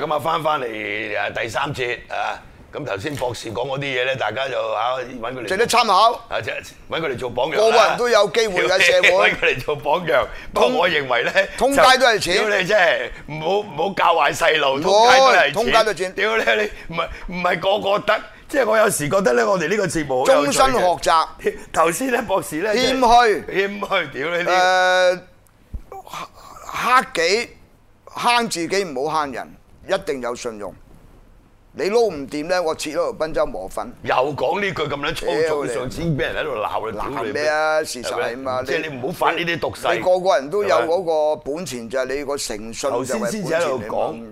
咁啊，翻翻嚟第三節啊！咁頭先博士講嗰啲嘢咧，大家就啊揾佢嚟，值得參考啊，只揾佢嚟做榜樣。個個人都有機會嘅社會。揾佢嚟做榜樣，不過我認為咧，通街都係錢。屌你，真係唔好唔好教壞細路，通街都係錢。屌你，你唔係唔係個個得，即係我有時覺得咧，我哋呢個節目。終身學習。頭先咧，博士咧。謙虛謙虛。屌你啲。誒，克己慳自己，唔好慳人。一定有信用，你撈唔掂咧，我切咗條賓州磨粉又。又講呢句咁樣粗，上次頭俾人喺度鬧你。鬧咩啊？事實啊嘛，即係你唔好反呢啲毒誓。你個個人都有嗰個本錢，就係嗎你個誠信才才說。你先先至喺度講，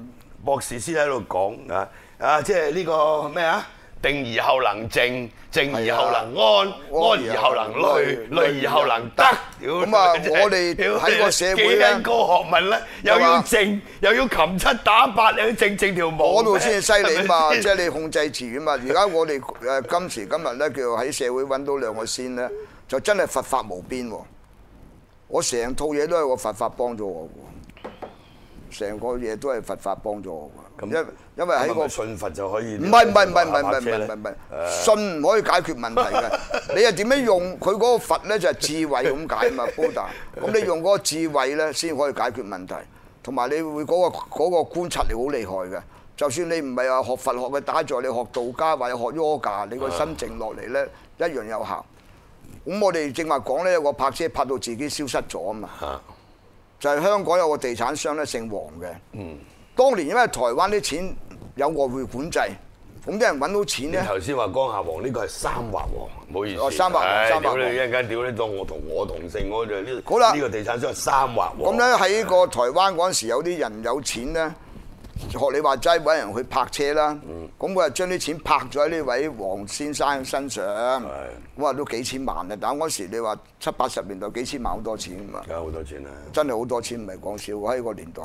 博士先喺度講啊啊！即係呢、呢個咩啊？定而後能靜靜，靜而後能安，的安而後能慮，慮而後能得。咁啊，我哋喺個社會咧，個學問咧，又要，的又要靜，又要擒七打八，又要靜靜條毛。嗰度先係犀利嘛！即係你控制自然嘛。而家 我哋誒今時今日咧，叫喺社會揾到兩個仙咧，就真係佛法無邊。我成套嘢都係個佛法幫咗我喎。成個嘢都係佛法幫助我，因因為喺、嗰個信佛就可以，唔係唔係唔係唔係唔係唔係唔係，信唔可以解決問題嘅。你又點樣用佢嗰個佛咧？就係、是、智慧咁解嘛 Buddha。咁你用嗰個智慧咧，先可以解決問題。同埋你會嗰個嗰個觀察力好厲害嘅。就算你唔係話學佛學嘅打坐，你學道家或者學瑜伽，你個心靜落嚟咧，一樣有效。咁我哋正話講咧，有個拍車拍到自己消失咗啊嘛。就係香港有個地產商咧，姓黃嘅。嗯，當年因為台灣啲錢有外匯管制，咁啲人揾到錢咧。頭先話江夏黃，呢個係三華黃，唔好意思。哦，三華黃，三華黃。咁你一屌你當我同我同姓，我就呢個地產商係三華黃。咁咧喺個台灣嗰陣時，有啲人有錢咧。學你話齋，揾人去泊車啦，咁佢就將啲錢泊咗喺呢位黃先生身上，哇是的 都幾千萬啦！但嗰時你話七八十年代幾千萬好多錢啊嘛，梗係好多錢啦，真係好多錢，唔係講笑。喺個年代，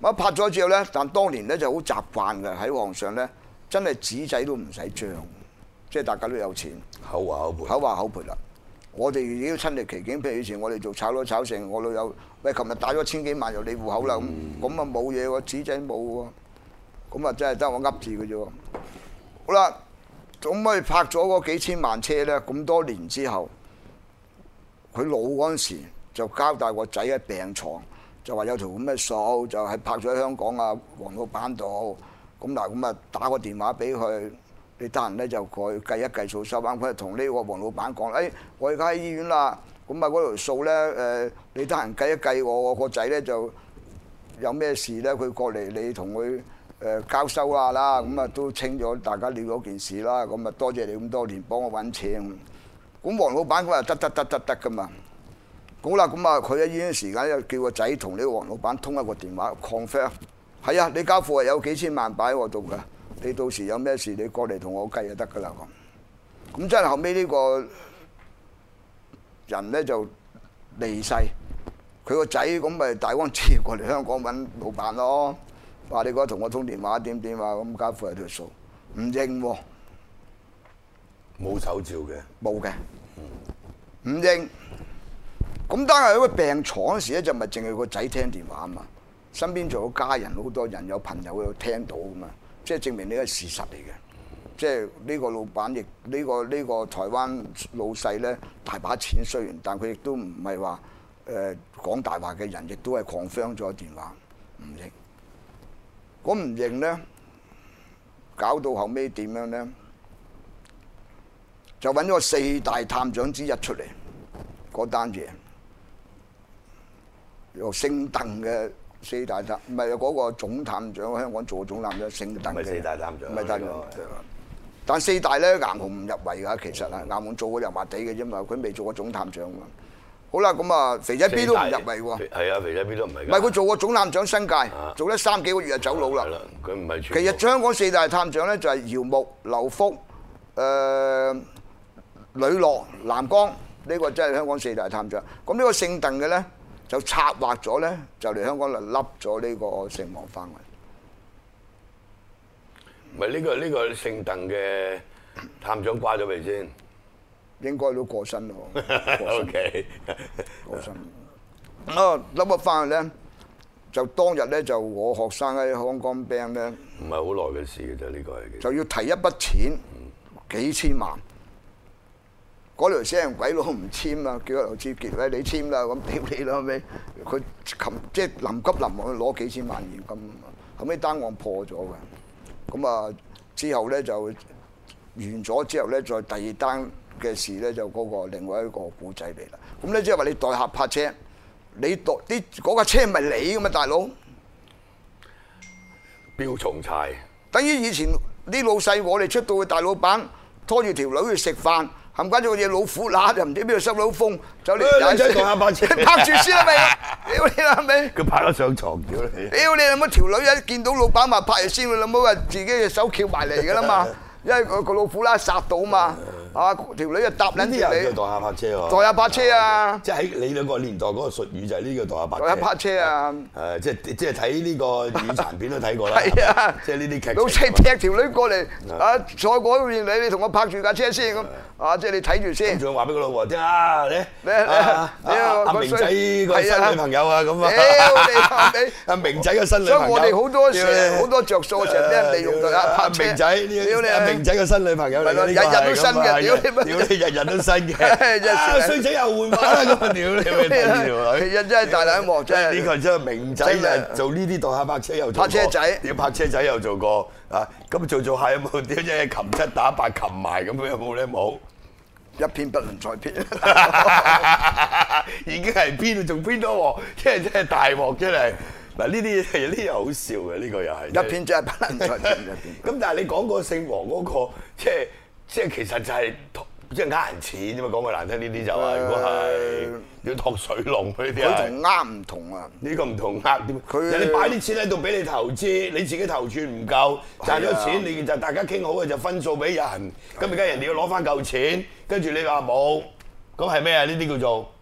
我泊咗之後咧，但當年咧就好習慣嘅喺皇上咧，真係紙仔都唔使張，即係大家都有錢，口話口賠，口話口賠啦。我哋如果親歷其境，譬如以前我哋做炒樓炒成，我老友喂，琴日打咗千幾萬入你戶口啦，咁咁啊冇嘢喎，紙仔冇喎，咁啊真係得我噏住佢啫喎。好啦，咁咪拍咗嗰幾千萬車咧，咁多年之後，佢老嗰陣時就交代個仔喺病牀，就話有條咁嘅數，就係拍咗喺香港啊黃老闆度，咁嗱咁啊打個電話俾佢。你得閒咧就過去計計一計數收返佢，同呢個黃老闆講：誒、欸，我而家喺醫院啦，咁啊嗰條數咧，誒，你得閒計一計我個仔咧就有咩事咧，佢過嚟你同佢誒交收下啦，咁啊都清咗，大家料咗件事啦，咁啊多謝你咁多年幫我揾錢。咁黃老闆佢又得得得得得噶嘛。咁啦，咁啊佢喺醫院時間又叫個仔同呢個黃老闆通一個電話 confirm，係啊，你家父有幾千萬擺喺度㗎。你到時有咩事，你過嚟同我計就得噶啦。咁咁即係後尾呢個人咧就離世，佢個仔咁咪大安捷過嚟香港揾老闆咯。話你嗰日同我通電話點點話，咁家父係條數，唔認喎、啊。冇手照嘅。冇嘅的。唔、嗯、認。咁但係喺個病床時咧，就咪淨係個仔聽電話啊嘛，身邊仲有家人好多人，有朋友有聽到咁嘛。即係證明呢個事實嚟嘅，即係呢個老闆亦呢、呢個呢、呢個台灣老細咧，大把錢雖然，但佢亦都唔係話誒講大話嘅人，亦都係狂翻咗電話唔、那個、認，咁唔認咧，搞到後尾點樣咧？就揾咗四大探長之一出嚟，嗰單嘢又姓鄧嘅。四大探唔係嗰個總探長，香港做總探長姓鄧嘅，唔係四大探長，唔係探長。但四大咧，顏雄唔入圍㗎，其實啊，顏雄做過油麻地嘅啫嘛，佢未做過總探長嘛。好啦，咁啊，肥仔 B 都唔入圍喎。係啊，肥仔 B 都唔入。唔係佢做過總探長新界，做咗三幾個月就走佬啦。係啦，佢唔係。其實香港四大探長咧就係姚木、劉福、誒、呂樂、藍剛呢個，真係香港四大探長。咁呢個姓鄧嘅咧？就策劃咗咧，就嚟香港嚟笠咗呢個姓王翻嚟。唔係呢個呢個姓鄧嘅探長掛咗未先？應該都過身咯。O K。過身。啊，笠咗翻咧，就當日咧就我學生喺香港病咧。唔係好耐嘅事嘅啫，呢個係。就要提一筆錢，幾千萬。嗰條聲鬼佬唔簽啊！叫阿劉志傑餵你簽啦，咁屌你啦！後尾佢琴即臨急臨忙攞幾千萬現金，後尾單案破咗嘅。咁啊之後咧就完咗之後咧，再第二單嘅事咧就嗰個另外一個故仔嚟啦。咁咧即係話你代客泊車，你代啲嗰架車唔係你嘅嘛，大佬？標重柴，等於以前啲老細，我哋出到去大老闆拖住條女去食飯。冚關咗個老虎乸，又唔知邊度收到風，就連打聲拍住先啦，未屌你啦，咪佢拍咗上床，哎，屌你，屌你啊！乜條女一見到老闆咪拍住先，你老母話自己隻手翹埋嚟噶啦嘛，因為個老虎乸殺到嘛。啊！條女啊，搭兩條。呢啲又叫代下泊車喎。代下泊車啊！即喺你嗰個年代嗰個術語就係呢個代下泊車。代下泊車啊！誒，即即係睇呢個語殘片都睇過啦。係啊！即係呢啲劇。老細踢條女過嚟，啊，坐嗰邊嚟，你同我拍住架車先咁。啊，即係你睇住先。仲要話俾個老婆聽啊！你咩啊？阿明仔個新女朋友啊！咁啊。屌你啊！明仔個新女朋友。所以我哋好多好多着數時，啲人利用明仔。你明仔個新女朋友日日都新嘅。屌你！日日都新嘅，衰仔 的、啊、又換翻啦咁啊！屌 你！日日 真係大兩鑊，真係呢個真係明仔日、就是、做呢啲做下泊車又做，泊車仔你泊車仔又做過啊！咁、啊、做做下有冇？屌真係擒七打八擒埋咁樣有冇咧冇？一片不能再片， 已經係片度仲片多喎！真係真係大鑊真係嗱，呢啲嘢呢啲又好笑嘅，呢、這個又係一片真不能再片。咁但係你講姓王、那個姓黃嗰個即係。就是即係其實就係即係呃人錢啫嘛，講句難聽呢啲就係、是，如果係要託水龍呢啲係。佢同啱唔同啊？呢個唔同啊？點？人哋擺啲錢喺度俾你投資，你自己投注唔夠，賺咗錢是的 你就大家傾好嘅就分數俾人，咁而是的 家人哋要攞翻嚿錢，跟住你話冇，咁係咩啊？呢啲叫做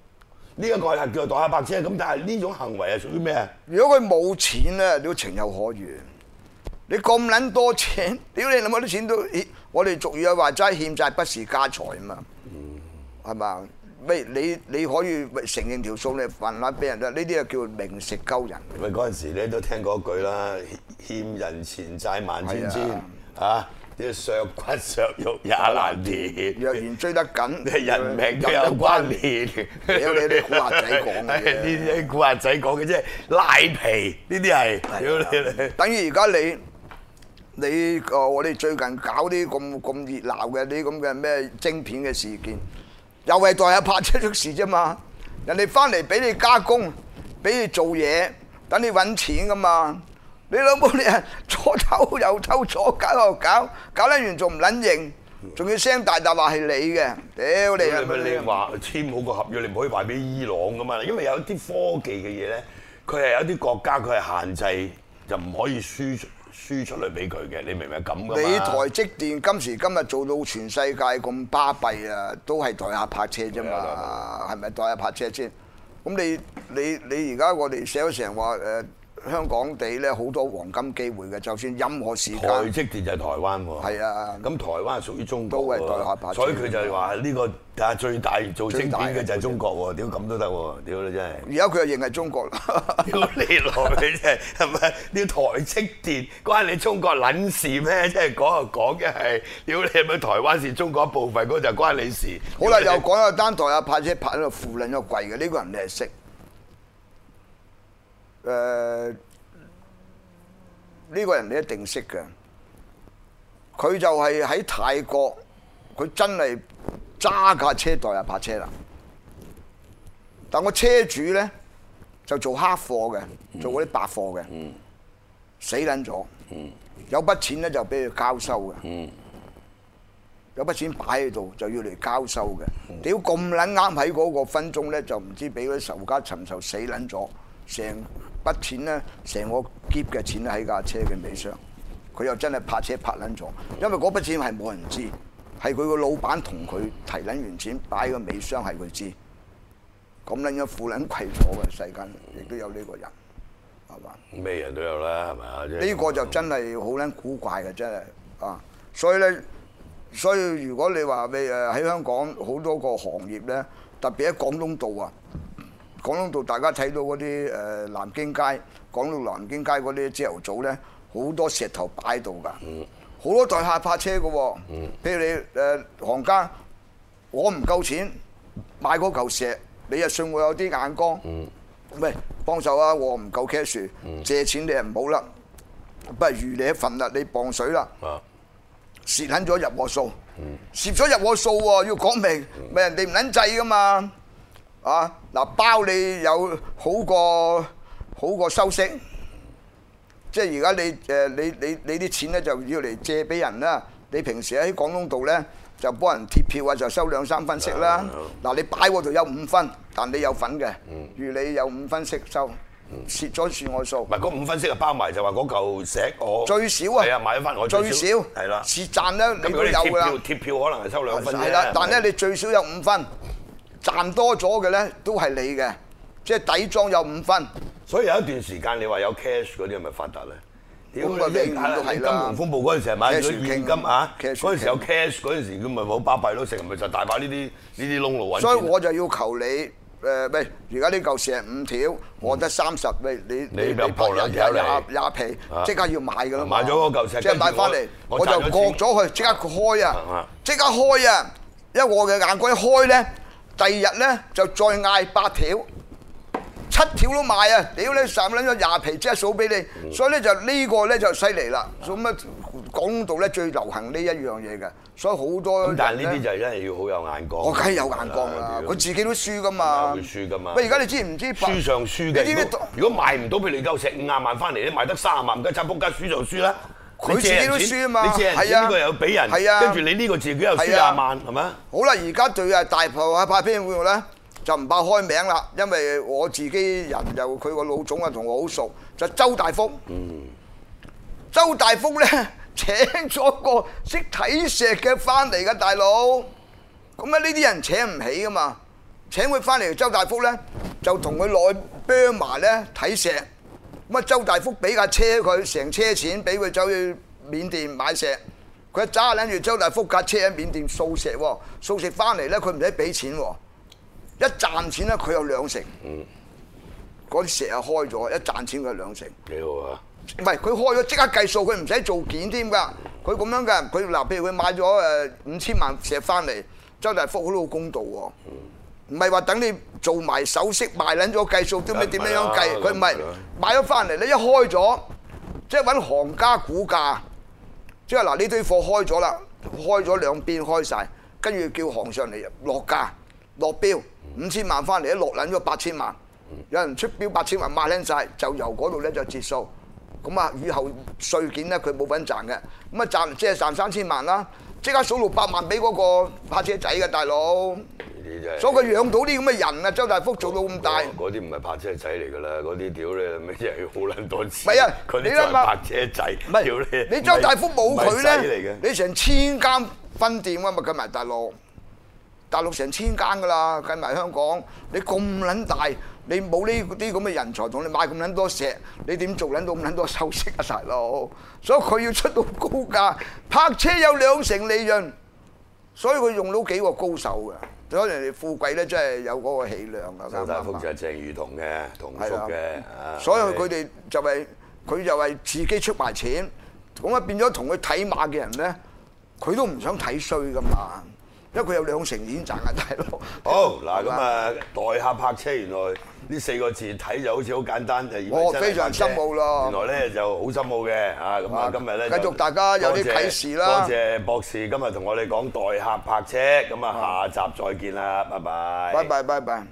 呢一、呢個係叫做代客泊車，咁但係呢種行為係屬於咩啊？如果佢冇錢咧，你都情有可原。你咁撚多錢，屌你，諗下啲錢都。我哋俗語又話齋欠債不是家財啊嘛，係嘛？咩你你可以承認條數你還翻俾人啦，呢啲就叫明食鳩人。咪嗰陣時咧都聽過一句啦，欠人錢債萬千千啊，要削骨削肉也難填。若然追得緊，人命又有關連。屌你啲古惑仔講嘅，啲啲古惑仔講嘅即係賴皮，呢啲係。屌你！等於而家你。你個、哦、我哋最近搞啲咁咁熱鬧嘅啲咁嘅咩晶片嘅事件，又係代客泊車出事啫嘛！人哋翻嚟俾你加工，俾你做嘢，等你揾錢噶嘛！你老母你啊左偷右偷左搞右搞，搞得完仲唔撚認？仲要聲大大話係你嘅，屌的你！咪咪你話簽好個合約，你唔可以賣俾伊朗噶嘛？因為有啲科技嘅嘢咧，佢係有啲國家佢係限制，就唔可以輸輸出嚟俾佢嘅，你明唔明咁㗎？你台積電今時今日做到全世界咁巴閉啊，都係台下泊車啫嘛？係咪台下泊車先？咁你你你而家我哋社會成日話誒？香港地咧好多黃金機會嘅，就算任何時間。台積電就係台灣喎。係啊。咁台灣係屬於中國。都係台下派。所以佢就係話呢個啊最大做最大的就係、嗯、中國喎，屌咁都得喎，屌你真係。而家佢又認係中國。屌你老味真係，係咪？屌台積電關你中國撚事咩？即係講又講嘅係，屌你係咪台灣是中國一部分嗰就關你事。好啦的，你又講又單台下拍車拍到扶撚咗櫃嘅呢個貴，呢個、人你係識？誒呢、呃呢個人你一定識嘅，佢就係喺泰國，佢真係揸架車代人泊車啦。但個車主咧就做黑貨嘅，做嗰啲白貨嘅，死撚咗。有筆錢咧就俾佢交收嘅，嗯、有筆錢擺喺度就要嚟交收嘅。屌咁撚啱喺嗰個分鐘咧，就唔知俾嗰啲仇家尋仇死撚咗，成～筆錢咧，成個攰嘅錢喺架車嘅尾箱，佢又真係泊車拍撚咗，因為嗰筆錢係冇人知，係佢個老闆同佢提撚完錢擺個尾箱係佢知，咁撚嘅富撚貴咗嘅世間亦都有呢個人，係嘛？咩人都有啦，係咪？呢個就真係好撚古怪嘅真係啊！所以咧，所以如果你話你誒喺香港好多個行業咧，特別喺廣東道啊。廣東道大家睇到嗰啲誒南京街，廣東南京街嗰啲朝油早朝頭早咧，好多石頭擺到㗎，好、嗯、多代客泊車嘅喎。嗯、譬如你誒行家，我唔夠錢買嗰嚿石，你又信我有啲眼光，喂、嗯、幫手啊！我唔夠 cash，嗯、借錢你又唔好啦，不如，如你一份啦，你磅水啦，蝕撚咗入我數，蝕咗、嗯、入我數喎，要講明，咪、嗯、人哋唔撚制㗎嘛。啊！嗱，包你有好過好過收息，即係而家你誒你你你啲錢咧就要嚟借俾人啦。你平時喺廣東度咧就幫人貼票啊，就收兩三分息啦。嗱，你擺嗰度有五分，但你有份嘅，如你有五分息收，蝕咗算我數。唔係嗰五分息啊，包埋就話嗰嚿石我最少啊，係啊，買翻我最少係啦，蝕賺啦，你都有㗎。咁如果你貼票貼票，可能係收兩分息，係啦，但咧你最少有五分，賺多咗嘅咧都係你嘅，即係底裝有五分。所以有一段時間你話有 cash 嗰啲係咪發達咧？點解咩五六喺金融風暴嗰陣時係買咗現金啊？嗰陣時有 cash 嗰陣時佢咪冇巴閉咯，成日咪就大把呢啲呢啲窿路位。所以我就要求你誒喂，而家呢嚿石五條，我得三十，你你你俾兩條嚟，皮即刻要買噶咯。買咗嗰嚿石即買翻嚟，我就割咗佢，即刻開啊！即刻開啊！因為我嘅眼光一開咧。第二日咧就再嗌八條七條都買啊！屌你，三蚊咗廿皮即係數俾你，所以咧就呢、呢個咧就犀利啦。做啊，講到咧最流行呢一樣嘢嘅，所以好多。但係呢啲就真係要好有眼光的。我梗係有眼光啦，佢要自己都輸噶嘛。會輸噶嘛。喂，而家你知唔知？輸上輸嘅。如果賣唔到，譬如夠食五廿萬翻嚟，你賣得三十萬，梗係福，卜家輸上輸啦。佢自己都輸啊嘛，呢個又要俾人，跟住你呢個自己又輸廿萬，係咪啊？好啦，而家對啊大鋪啊派邊個業務咧，就唔爆開名啦，因為我自己人又佢個老總啊同我好熟，就周大福。嗯，周大福咧請咗個識睇石嘅翻嚟嘅大佬，咁咧呢啲人請唔起啊嘛，請佢翻嚟周大福咧就同佢攞去緬甸咧睇石。乜周大福俾架車佢成車錢，俾佢走去緬甸買石。佢揸撚住周大福架車喺緬甸掃石喎，掃石翻嚟咧佢唔使俾錢喎，一賺錢咧佢有兩成。嗯，嗰啲石啊開咗，一賺錢佢有兩成。幾好啊？唔係佢開咗即刻計數，佢唔使做件添㗎。佢咁樣嘅，佢嗱譬如佢買咗誒五千萬石翻嚟，周大福都好公道喎。嗯唔係話等你做埋首飾賣撚咗計數，啲咩點樣計？佢唔係買咗翻嚟你一開咗即係揾行家估價。即係嗱，呢堆貨開咗啦，開咗兩邊開晒，跟住叫行上嚟落價落標五千萬翻嚟，一落撚咗八千萬。有人出標八千萬賣撚晒，就由嗰度咧就結數。咁啊，以後碎件咧，佢冇份賺嘅。咁啊，賺即係賺三千萬啦，即刻數六百萬俾嗰個泊車仔嘅大佬。所以佢養到啲咁嘅人啊，周大福做到咁大，嗰啲唔係泊車仔嚟噶啦，嗰啲屌咧，咩真係好撚多錢？唔係啊，你諗下泊車仔，屌你！你周大福冇佢咧，你成千間分店啊嘛，計埋大陸，大陸成千間噶啦，計埋香港，你咁撚大，你冇呢啲咁嘅人才，同你買咁撚多石，你點做撚到咁撚多收息啊？大佬，所以佢要出到高價泊車有兩成利潤，所以佢用到幾個高手噶。所以人哋富貴咧，真係有嗰個氣量啊！周大福就係鄭裕彤嘅彤叔嘅吧所以佢哋就係、是、佢的就係自己出埋錢，咁啊變咗同佢睇馬嘅人咧，佢都唔想睇衰噶嘛，因為佢有兩成已經賺曬咯。大佬。好嗱，咁啊吧代客泊車原來。呢四個字睇就好似好簡單，就非常深真係。原來咧就好深奧嘅嚇，咁啊今日咧繼續大家有啲啟示啦。多謝博士，今日同我哋講代客泊車，咁啊下集再見啦，拜拜。拜拜拜拜。